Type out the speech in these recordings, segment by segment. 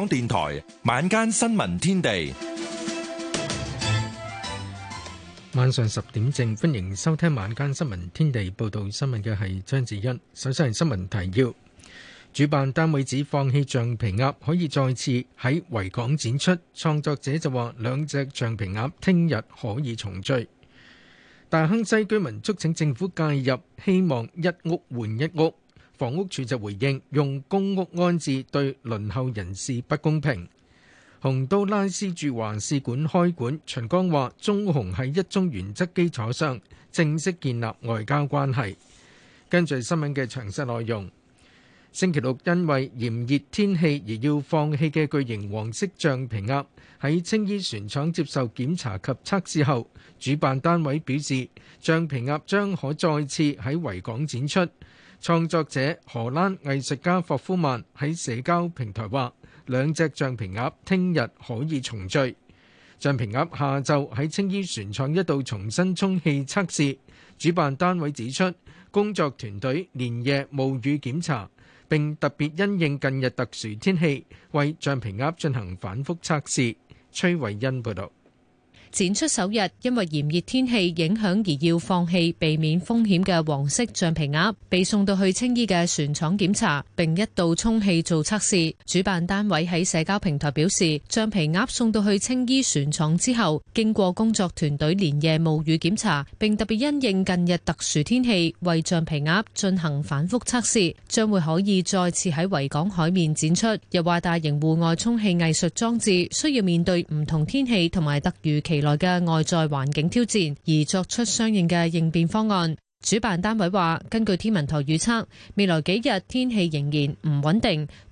港電台晚間新聞天地，晚上十點正，歡迎收聽晚間新聞天地，報道新聞嘅係張智欣。首先係新聞提要，主辦單位指放棄橡皮鴨可以再次喺維港展出，創作者就話兩隻橡皮鴨聽日可以重聚。大坑西居民促請政府介入，希望一屋換一屋。房屋署就回應，用公屋安置對輪候人士不公平。洪都拉斯駐華使館開館，秦剛話中紅喺一中原則基礎上正式建立外交關係。跟住新聞嘅詳細內容，星期六因為炎熱天氣而要放棄嘅巨型黃色橡皮鴨喺青衣船廠接受檢查及測試後，主辦單位表示，橡皮鴨將可再次喺維港展出。創作者荷蘭藝術家霍夫曼喺社交平台話：兩隻橡皮鴨聽日可以重聚。橡皮鴨下晝喺青衣船廠一度重新充氣測試。主辦單位指出，工作團隊連夜冒雨檢查，並特別因應近日特殊天氣，為橡皮鴨進行反覆測試。崔偉恩報導。展出首日，因為炎熱天氣影響而要放氣，避免風險嘅黃色橡皮鴨被送到去青衣嘅船廠檢查，並一度充氣做測試。主辦單位喺社交平台表示，橡皮鴨送到去青衣船廠之後，經過工作團隊連夜冒雨檢查，並特別因應近日特殊天氣，為橡皮鴨進行反覆測試，將會可以再次喺維港海面展出。又話大型戶外充氣藝術裝置需要面對唔同天氣同埋特遇期。未來嘅外在環境挑戰，而作出相應嘅應變方案。主辦單位話：根據天文台預測，未來幾日天氣仍然唔穩定。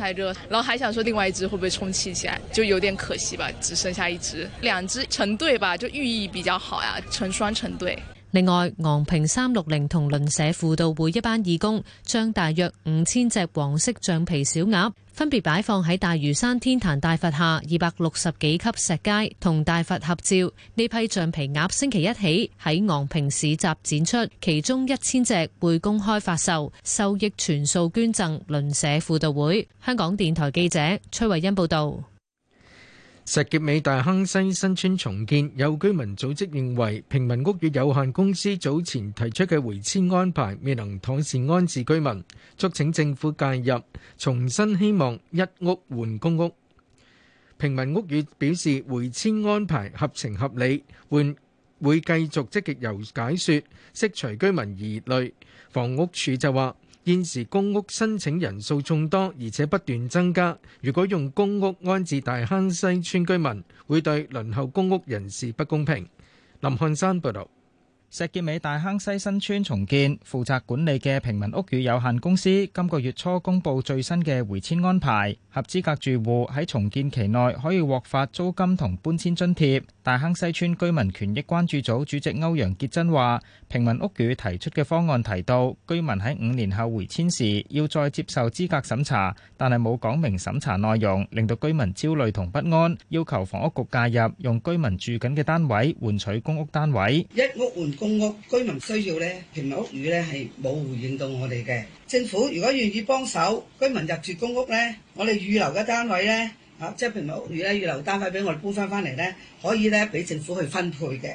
太熱，然後還想說另外一隻會不會充氣起來，就有點可惜吧，只剩下一隻，兩隻成對吧，就寓意比較好呀、啊，成雙成對。另外，昂坪三六零同鄰舍輔導會一班義工將大約五千隻黃色橡皮小鴨分別擺放喺大嶼山天壇大佛下二百六十幾級石階同大佛合照。呢批橡皮鴨星期一起喺昂坪市集展出，其中一千隻會公開發售，收益全數捐贈鄰舍輔導會。香港電台記者崔慧欣報道。石硤尾大坑西新村重建，有居民組織認為平民屋宇有限公司早前提出嘅回遷安排未能妥善安置居民，促請政府介入。重新希望一屋換公屋。平民屋宇表示回遷安排合情合理，換會繼續積極遊解說，釋除居民疑慮。房屋署就話。現時公屋申請人數眾多，而且不斷增加。如果用公屋安置大坑西邨居民，會對輪候公屋人士不公平。林漢山報道。石硖尾大坑西新村重建負責管理嘅平民屋宇有限公司今個月初公布最新嘅回遷安排，合資格住戶喺重建期內可以獲發租金同搬遷津貼。大坑西村居民權益關注組主席歐陽杰珍話，平民屋宇提出嘅方案提到，居民喺五年後回遷時要再接受資格審查，但係冇講明審查內容，令到居民焦慮同不安，要求房屋局介入，用居民住緊嘅單位換取公屋單位，一屋換。公屋居民需要咧，平民屋宇咧係冇回應到我哋嘅政府。如果願意幫手居民入住公屋咧，我哋預留嘅單位咧，吓、啊，即係平民屋宇咧預留單位俾我哋搬翻翻嚟咧，可以咧俾政府去分配嘅。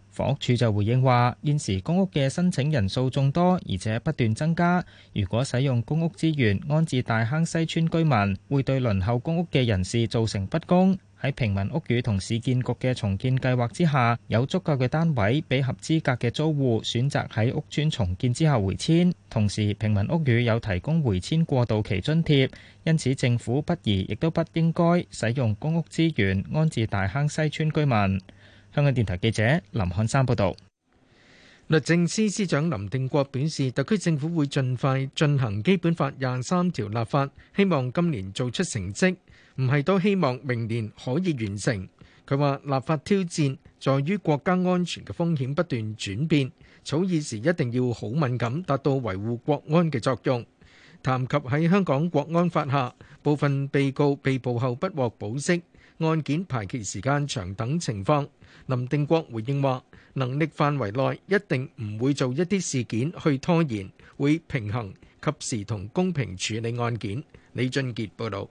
房屋署就回應話：現時公屋嘅申請人數眾多，而且不斷增加。如果使用公屋資源安置大坑西村居民，會對輪候公屋嘅人士造成不公。喺平民屋宇同市建局嘅重建計劃之下，有足夠嘅單位俾合資格嘅租戶選擇喺屋邨重建之後回遷。同時，平民屋宇有提供回遷過渡期津貼，因此政府不宜亦都不應該使用公屋資源安置大坑西村居民。香港電台記者林漢山報道，律政司司長林定國表示，特區政府會盡快進行《基本法》廿三條立法，希望今年做出成績，唔係都希望明年可以完成。佢話立法挑戰在於國家安全嘅風險不斷轉變，草擬時一定要好敏感，達到維護國安嘅作用。談及喺香港國安法下，部分被告被捕後不獲保釋，案件排期時間長等情況，林定國回應話能力範圍內一定唔會做一啲事件去拖延，會平衡、及時同公平處理案件。李俊杰報道，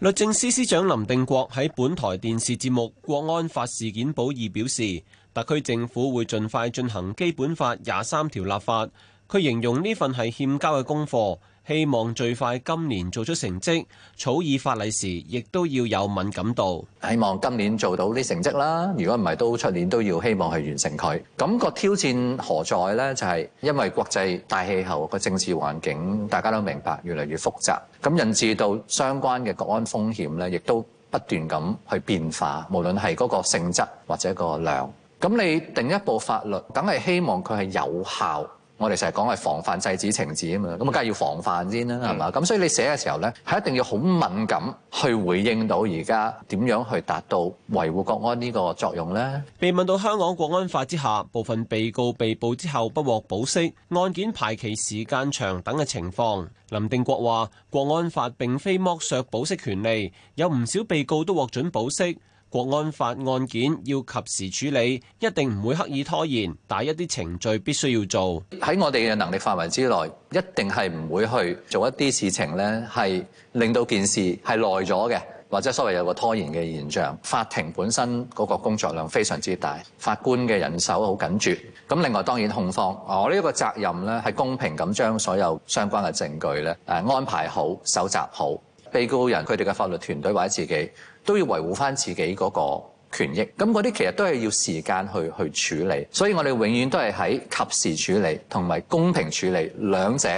律政司司長林定國喺本台電視節目《國安法事件簿》表示，特區政府會盡快進行《基本法》廿三條立法。佢形容呢份係欠交嘅功課，希望最快今年做出成績，草擬法例時亦都要有敏感度。希望今年做到啲成績啦。如果唔係都出年都要希望去完成佢。咁個挑戰何在咧？就係因為國際大氣候個政治環境，大家都明白越嚟越複雜，咁引致到相關嘅國安風險咧，亦都不斷咁去變化，無論係嗰個性質或者個量。咁你定一部法律，梗係希望佢係有效。我哋成日講係防範制止情節啊嘛，咁梗係要防範先啦，係嘛咁。嗯、所以你寫嘅時候咧，係一定要好敏感去回應到而家點樣去達到維護國安呢個作用咧。被問到香港國安法之下部分被告被捕之後不獲保釋，案件排期時間長等嘅情況，林定國話：國安法並非剝削保釋權利，有唔少被告都獲准保釋。國安法案件要及時處理，一定唔會刻意拖延，但一啲程序必須要做。喺我哋嘅能力範圍之內，一定係唔會去做一啲事情呢係令到件事係耐咗嘅，或者所謂有個拖延嘅現象。法庭本身嗰個工作量非常之大，法官嘅人手好緊絀。咁另外當然控方，我呢個責任呢係公平咁將所有相關嘅證據呢誒安排好、搜集好，被告人佢哋嘅法律團隊或者自己。都要維護翻自己嗰個權益，咁嗰啲其實都係要時間去去處理，所以我哋永遠都係喺及時處理同埋公平處理兩者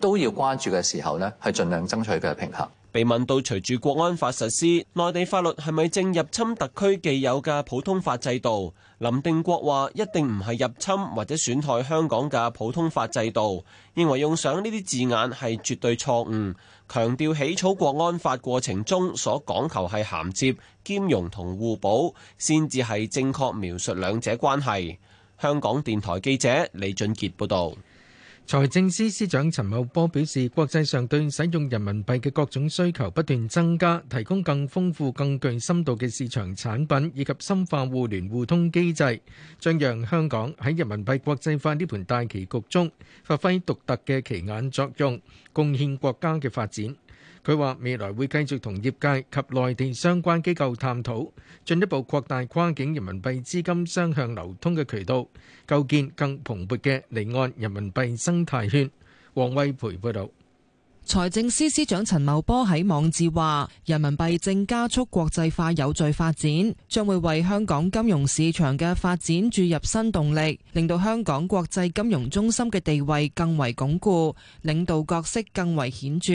都要關注嘅時候咧，去盡量爭取佢嘅平衡。被問到隨住國安法實施，內地法律係咪正入侵特區既有嘅普通法制度？林定國話：一定唔係入侵或者損害香港嘅普通法制度，認為用上呢啲字眼係絕對錯誤，強調起草國安法過程中所講求係銜接、兼容同互補，先至係正確描述兩者關係。香港電台記者李俊傑報導。財政司司長陳茂波表示，國際上對使用人民幣嘅各種需求不斷增加，提供更豐富、更具深度嘅市場產品，以及深化互聯互通機制，將讓香港喺人民幣國際化呢盤大棋局中發揮獨特嘅棋眼作用，貢獻國家嘅發展。佢話：未來會繼續同業界及內地相關機構探討，進一步擴大跨境人民幣資金雙向流通嘅渠道，構建更蓬勃嘅離岸人民幣生態圈。王惠培報道。財政司司長陳茂波喺網誌話：人民幣正加速國際化有序發展，將會為香港金融市場嘅發展注入新動力，令到香港國際金融中心嘅地位更為鞏固，領導角色更為顯著。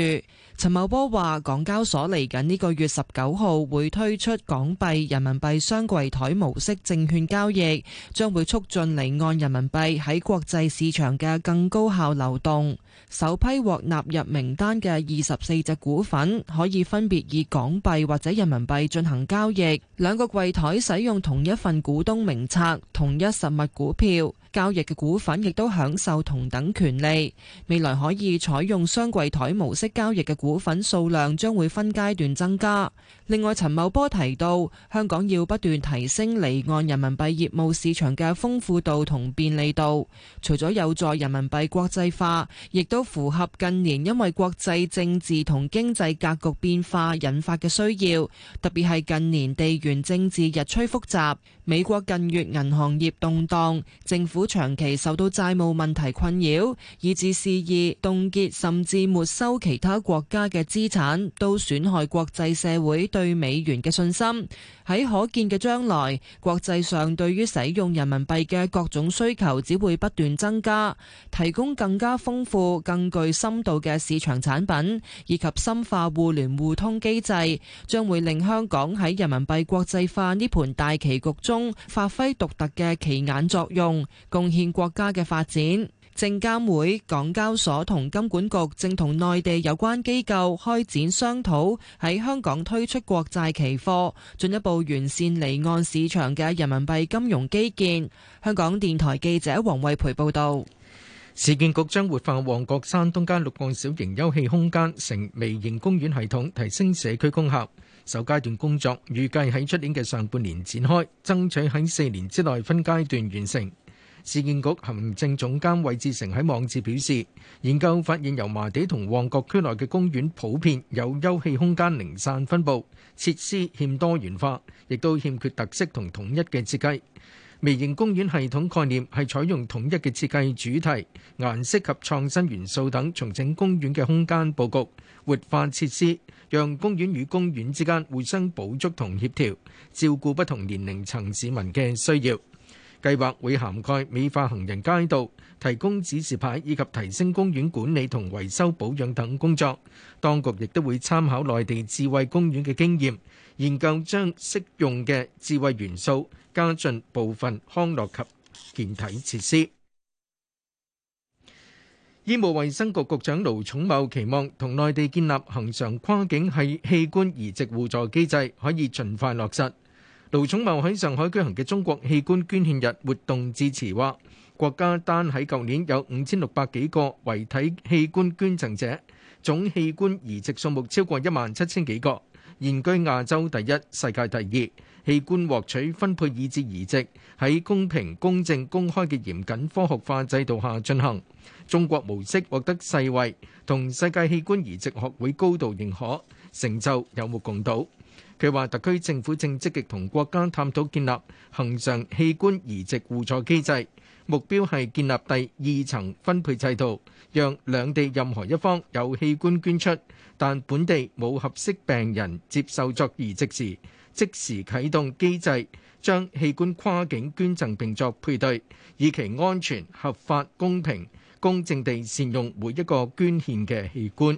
陳茂波話：港交所嚟緊呢個月十九號會推出港幣、人民幣雙櫃台模式證券交易，將會促進離岸人民幣喺國際市場嘅更高效流動。首批獲納入名單嘅二十四隻股份，可以分別以港幣或者人民幣進行交易。兩個櫃台使用同一份股東名冊，同一實物股票。交易嘅股份亦都享受同等權利，未來可以採用雙櫃台模式交易嘅股份數量將會分階段增加。另外，陳茂波提到，香港要不斷提升離岸人民幣業務市場嘅豐富度同便利度，除咗有助人民幣國際化，亦都符合近年因為國際政治同經濟格局變化引發嘅需要，特別係近年地緣政治日趨複雜，美國近月銀行業動盪，政府。府長期受到債務問題困擾，以致肆意凍結甚至沒收其他國家嘅資產，都損害國際社會對美元嘅信心。喺可見嘅將來，國際上對於使用人民幣嘅各種需求，只會不斷增加。提供更加豐富、更具深度嘅市場產品，以及深化互聯互通機制，將會令香港喺人民幣國際化呢盤大棋局中，發揮獨特嘅棋眼作用。貢獻國家嘅發展，證監會、港交所同金管局正同內地有關機構開展商討，喺香港推出國債期貨，進一步完善離岸市場嘅人民幣金融基建。香港電台記者黃慧培報道。市建局將活化旺角山東街六岸小型休憩空間，成微型公園系統，提升社區功效。首階段工作預計喺出年嘅上半年展開，爭取喺四年之內分階段完成。市建局行政總監魏志成喺網誌表示，研究發現油麻地同旺角區內嘅公園普遍有休憩空間零散分布，設施欠多元化，亦都欠缺特色同統一嘅設計，微型公園系統概念係採用統一嘅設計主題顏色及創新元素等，重整公園嘅空間布局、活化設施，讓公園與公園之間互相補足同協調，照顧不同年齡層市民嘅需要。計劃會涵蓋美化行人街道、提供指示牌以及提升公園管理同維修保養等工作。當局亦都會參考內地智慧公園嘅經驗，研究將適用嘅智慧元素加進部分康樂及健體設施。醫務衛生局局長盧寵茂期望同內地建立恆常跨境係器官移植互助機制，可以盡快落實。盧寵茂喺上海舉行嘅中國器官捐獻日活動致辭話：國家單喺舊年有五千六百幾個遺體器官捐贈者，總器官移植數目超過一萬七千幾個，現居亞洲第一、世界第二。器官獲取、分配以至移植喺公平、公正、公開嘅嚴謹科學化制度下進行，中國模式獲得世衛同世界器官移植學會高度認可，成就有目共睹。佢話：特區政府正積極同國家探討建立恒常器官移植互助機制，目標係建立第二層分配制度，讓兩地任何一方有器官捐出，但本地冇合適病人接受作移植時，即時啟動機制，將器官跨境捐贈並作配對，以期安全、合法、公平、公正地善用每一個捐獻嘅器官。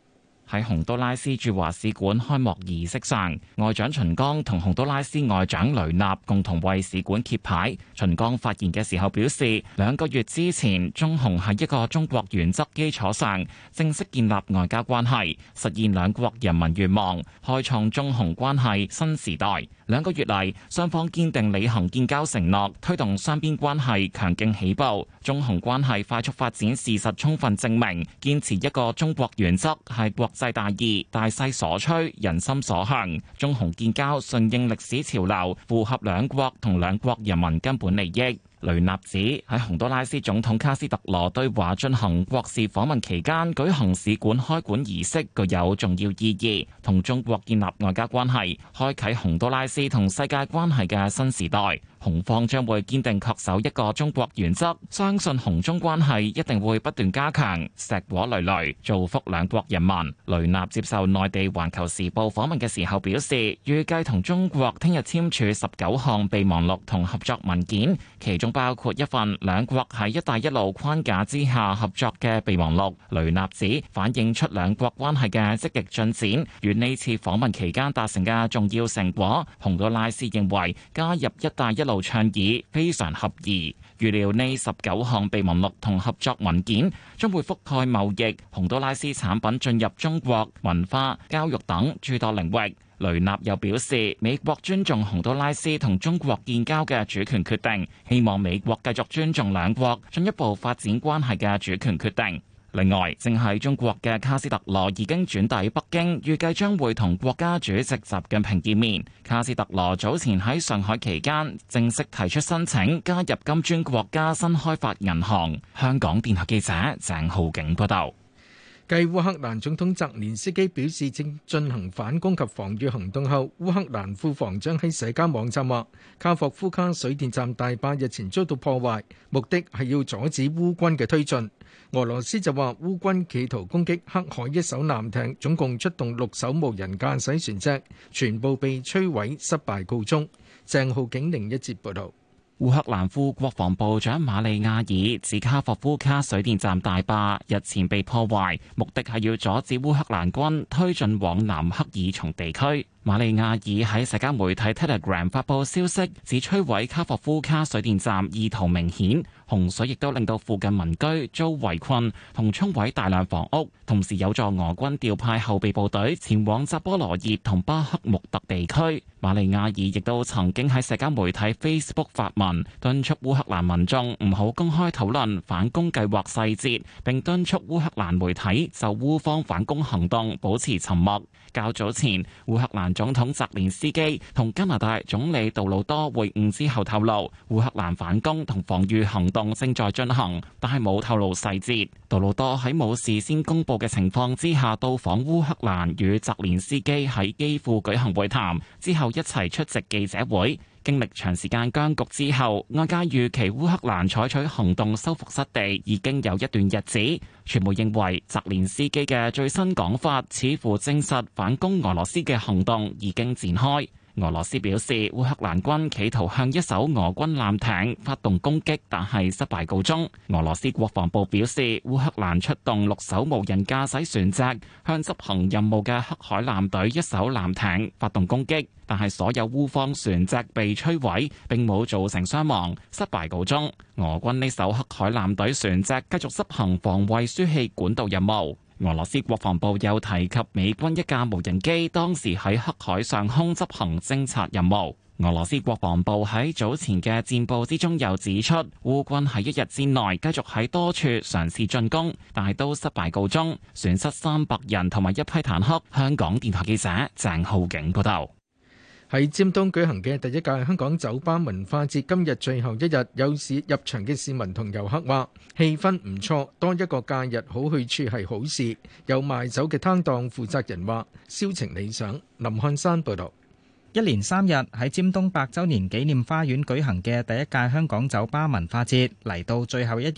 喺洪都拉斯駐華使館開幕儀式上，外長秦剛同洪都拉斯外長雷納共同為使館揭牌。秦剛發言嘅時候表示，兩個月之前，中洪喺一個中國原則基礎上正式建立外交關係，實現兩國人民願望，開創中洪關係新時代。兩個月嚟，雙方堅定履行建交承諾，推動雙邊關係強勁起步，中韓關係快速發展，事實充分證明，堅持一個中國原則係國際大義、大勢所趨、人心所向。中韓建交順應歷史潮流，符合兩國同兩國人民根本利益。雷納指喺洪都拉斯總統卡斯特羅對華進行國事訪問期間舉行使館開館儀式具有重要意義。同中國建立外交關係，開啟洪都拉斯同世界關係嘅新時代。洪方將會堅定恪守一個中國原則，相信洪中關係一定會不斷加強，碩果累累，造福兩國人民。雷納接受內地環球時報訪問嘅時候表示，預計同中國聽日簽署十九項備忘錄同合作文件，其中包括一份兩國喺一帶一路框架之下合作嘅備忘錄。雷納指反映出兩國關係嘅積極進展，與呢次訪問期間達成嘅重要成果。洪都拉斯認為加入一帶一路。倡議非常合宜，預料呢十九項備忘錄同合作文件將會覆蓋貿易、洪都拉斯產品進入中國、文化、教育等諸多領域。雷納又表示，美國尊重洪都拉斯同中國建交嘅主權決定，希望美國繼續尊重兩國進一步發展關係嘅主權決定。另外，正喺中國嘅卡斯特羅已經轉抵北京，預計將會同國家主席習近平見面。卡斯特羅早前喺上海期間正式提出申請加入金磚國家新開發銀行。香港電台記者鄭浩景報道。繼烏克蘭總統澤連斯基表示正進行反攻及防禦行動後，烏克蘭副防長喺社交網站話，卡霍夫卡水電站大壩日前遭到破壞，目的係要阻止烏軍嘅推進。俄羅斯就話烏軍企圖攻擊黑海一艘艦艇，總共出動六艘無人駕駛船隻，全部被摧毀，失敗告終。鄭浩景另一節報道。烏克蘭副國防部長馬利亞爾指卡霍夫卡水電站大壩日前被破壞，目的係要阻止烏克蘭軍推進往南克爾松地區。瑪利亞爾喺社交媒體 Telegram 發布消息，指摧毀卡霍夫卡水電站意圖明顯，洪水亦都令到附近民居遭圍困同沖毀大量房屋，同時有助俄軍調派後備部隊前往扎波羅熱同巴克穆特地區。瑪利亞爾亦都曾經喺社交媒體 Facebook 發文，敦促烏克蘭民眾唔好公開討論反攻計劃細節，並敦促烏克蘭媒體就烏方反攻行動保持沉默。較早前，烏克蘭總統澤連斯基同加拿大總理杜魯多會晤之後透露，烏克蘭反攻同防禦行動正在進行，但係冇透露細節。杜魯多喺冇事先公布嘅情況之下到訪烏克蘭，與澤連斯基喺基輔舉行會談之後一齊出席記者會。經歷長時間僵局之後，外界預期烏克蘭採取行動收復失地已經有一段日子。傳媒認為澤連斯基嘅最新講法，似乎證實反攻俄羅斯嘅行動已經展開。俄羅斯表示，烏克蘭軍企圖向一艘俄軍艦艇發動攻擊，但係失敗告終。俄羅斯國防部表示，烏克蘭出動六艘無人駕駛船隻，向執行任務嘅黑海艦隊一艘艦艇發動攻擊，但係所有烏方船隻被摧毀，並冇造成傷亡，失敗告終。俄軍呢艘黑海艦隊船隻繼續執行防衛輸氣管道任務。俄羅斯國防部又提及美軍一架無人機當時喺黑海上空執行偵察任務。俄羅斯國防部喺早前嘅戰報之中又指出，烏軍喺一日之內繼續喺多處嘗試進攻，但係都失敗告終，損失三百人同埋一批坦克。香港電台記者鄭浩景報道。喺尖東舉行嘅第一屆香港酒吧文化節今日最後一日，有市入場嘅市民同遊客話氣氛唔錯，多一個假日好去處係好事。有賣酒嘅攤檔負責人話銷情理想。林漢山報導。一連三日喺尖東百周年紀念花園舉行嘅第一屆香港酒吧文化節嚟到最後一日，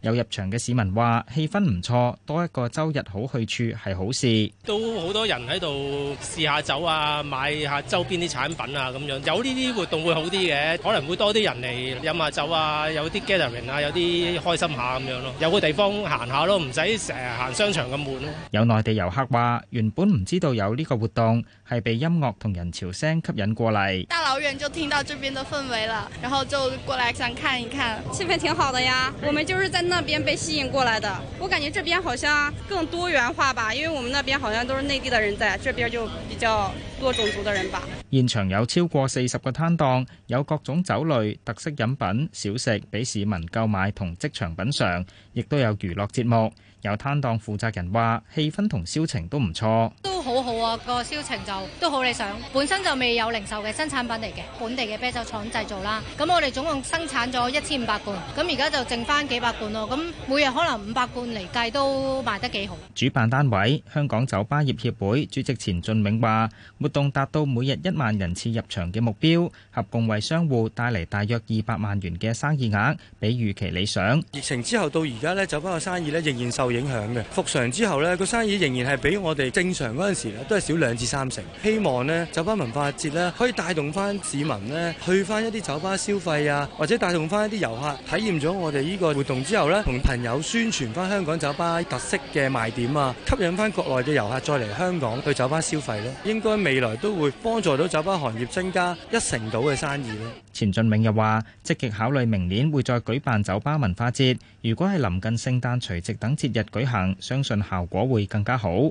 有入場嘅市民話：氣氛唔錯，多一個周日好去處係好事。都好多人喺度試下酒啊，買下周邊啲產品啊咁樣。有呢啲活動會好啲嘅，可能會多啲人嚟飲下酒啊，有啲 gathering 啊，有啲開心下咁樣咯。有個地方行下咯，唔使成日行商場咁悶咯。有內地遊客話：原本唔知道有呢個活動，係被音樂同人潮聲，吸引過嚟，大老遠就聽到這邊的氛圍了，然後就過來想看一看，氣氛挺好的呀。我們就是在那邊被吸引過來的，我感覺這邊好像更多元化吧，因為我們那邊好像都是內地的人，在這邊就比較多種族的人吧。現場有超過四十個攤檔，有各種酒類、特色飲品、小食俾市民購買同即場品嚐，亦都有娛樂節目。有攤檔負責人話，氣氛同銷情都唔錯。都好好啊，個銷情就都好理想。本身就未有零售嘅新產品嚟嘅，本地嘅啤酒廠製造啦。咁我哋總共生產咗一千五百罐，咁而家就剩翻幾百罐咯。咁每日可能五百罐嚟計都賣得幾好。主辦單位香港酒吧業協會主席錢俊銘話：活動達到每日一萬人次入場嘅目標，合共為商戶帶嚟大約二百萬元嘅生意額，比預期理想。疫情之後到而家咧，酒吧嘅生意咧仍然受影響嘅。復常之後咧，個生意仍然係比我哋正常嗰～嗰時咧都係少兩至三成，希望咧酒吧文化節咧可以帶動翻市民咧去翻一啲酒吧消費啊，或者帶動翻一啲遊客體驗咗我哋呢個活動之後咧，同朋友宣傳翻香港酒吧特色嘅賣點啊，吸引翻國內嘅遊客再嚟香港去酒吧消費咧。應該未來都會幫助到酒吧行業增加一成到嘅生意咧。錢俊明又話：積極考慮明年會再舉辦酒吧文化節，如果係臨近聖誕、除夕等節日舉行，相信效果會更加好。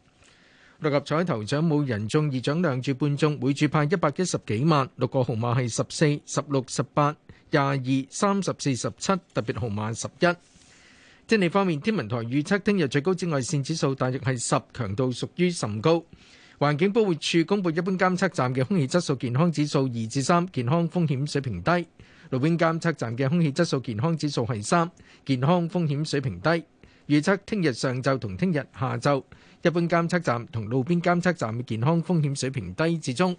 六合彩頭獎冇人中，二獎兩注半中，每注派一百一十幾萬。六個號碼係十四、十六、十八、廿二、三十、四十七。特別號碼十一。天氣方面，天文台預測聽日最高紫外線指數大約係十，強度屬於甚高。環境保護署公布一般監測站嘅空氣質素健康指數二至三，健康風險水平低。路邊監測站嘅空氣質素健康指數係三，健康風險水平低。預測聽日上晝同聽日下晝。一般監測站同路邊監測站嘅健康風險水平低至中。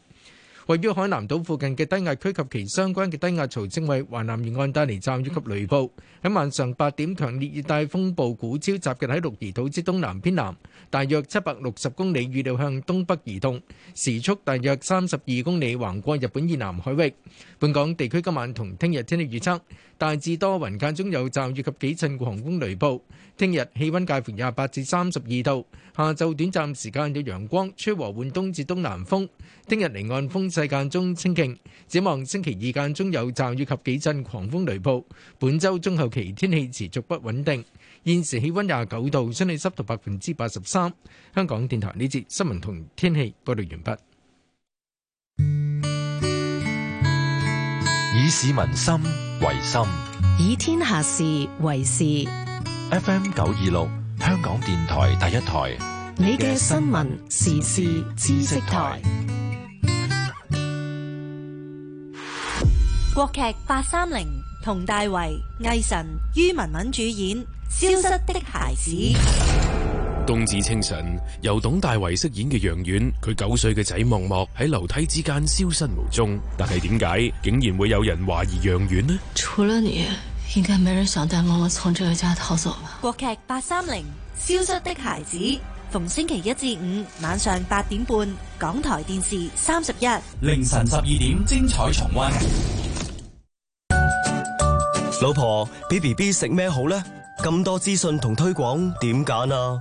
位於海南島附近嘅低壓區及其相關嘅低壓槽正為華南沿岸帶來驟雨及雷暴。喺晚上八點，強烈熱帶風暴古超集結喺鹿兒島之東南偏南，大約七百六十公里，預料向東北移動，時速大約三十二公里，橫過日本以南海域。本港地區今晚同聽日天氣預測。大致多雲，間中有驟雨及幾陣狂風雷暴。聽日氣温介乎廿八至三十二度，下晝短暫時間有陽光，吹和緩東至東南風。聽日離岸風勢間中清勁，展望星期二間中有驟雨及幾陣狂風雷暴。本周中後期天氣持續不穩定。現時氣温廿九度，相對濕度百分之八十三。香港電台呢節新聞同天氣報道完畢。以市民心。為心，以天下事為事。FM 九二六，香港電台第一台。你嘅新聞時事知識台。國劇八三零，佟大為、魏晨、于文文主演《消失的孩子》。 冬至清晨，由董大為飾演嘅楊遠，佢九歲嘅仔莫莫喺樓梯之間消失無蹤。但係點解竟然會有人懷疑楊遠呢？除了你，應該沒人想帶莫莫從這個家逃走吧？國劇八三零《消失的孩子》，逢星期一至五晚上八點半，港台電視三十一，凌晨十二點精彩重溫。老婆，俾 B B 食咩好呢？咁多資訊同推廣，點揀啊？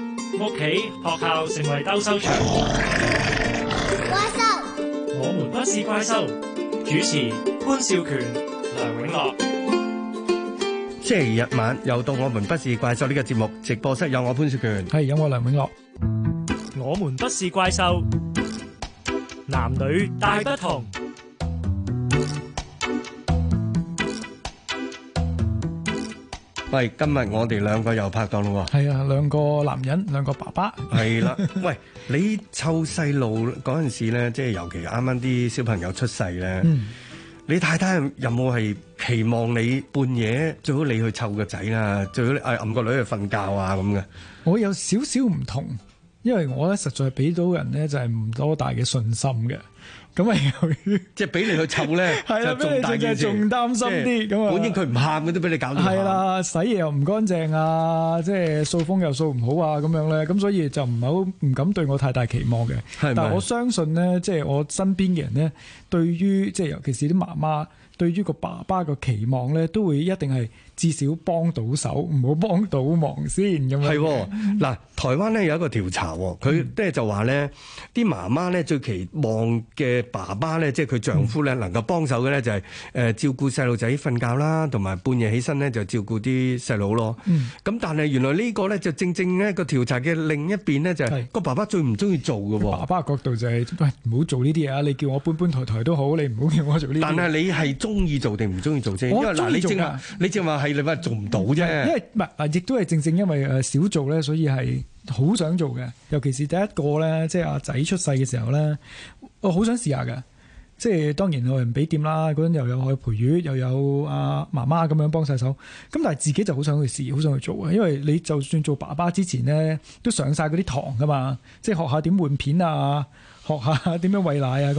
屋企、學校成為鬥獸場。怪獸獸，我們不是怪獸。主持：潘少權、梁永樂。星期日晚又到我們不是怪獸呢個節目，直播室有我潘少權，係有我梁永樂。我們不是怪獸，男女大不同。喂，今日我哋兩個又拍檔咯喎！係啊，兩個男人，兩個爸爸。係啦，喂，你湊細路嗰陣時咧，即係尤其啱啱啲小朋友出世咧，嗯，你太太有冇係期望你半夜最好你去湊個仔啦，最好你暗個女去瞓覺啊咁嘅？我有少少唔同，因為我咧實在係俾到人咧就係唔多大嘅信心嘅。咁 啊，即係俾你去湊咧，就重大嘅，仲擔心啲咁啊。本應佢唔喊嘅都俾你搞到喊。係啦，洗嘢又唔乾淨啊，即係掃風又掃唔好啊，咁樣咧，咁所以就唔係好唔敢對我太大期望嘅。係、係但係我相信咧，即係我身邊嘅人咧，對於即係尤其是啲媽媽，對於個爸爸嘅期望咧，都會一定係。至少幫到手，唔好幫到忙先咁樣。係喎，嗱，台灣咧有一個調查，佢即係就話咧，啲媽媽咧最期望嘅爸爸咧，即係佢丈夫咧能夠幫手嘅咧，就係誒照顧細路仔瞓覺啦，同埋半夜起身咧就照顧啲細佬咯。咁、嗯、但係原來呢個咧就正正呢個調查嘅另一邊咧，就係個爸爸最唔中意做嘅喎。爸爸角度就係、是、喂，唔好做呢啲嘢啊！你叫我搬搬抬抬都好，你唔好叫我做呢啲。但係你係中意做定唔中意做啫？我中意做㗎，你正話係。你你咪做唔到啫，因為唔係，亦都係正正因為誒少做咧，所以係好想做嘅。尤其是第一個咧，即係阿仔出世嘅時候咧，我好想試下嘅。即係當然我係唔俾掂啦，嗰陣又有我嘅陪月，又有阿媽媽咁樣幫晒手。咁但係自己就好想去試，好想去做啊，因為你就算做爸爸之前咧，都上晒啲堂噶嘛，即係學下點換片啊，學下點樣喂奶啊。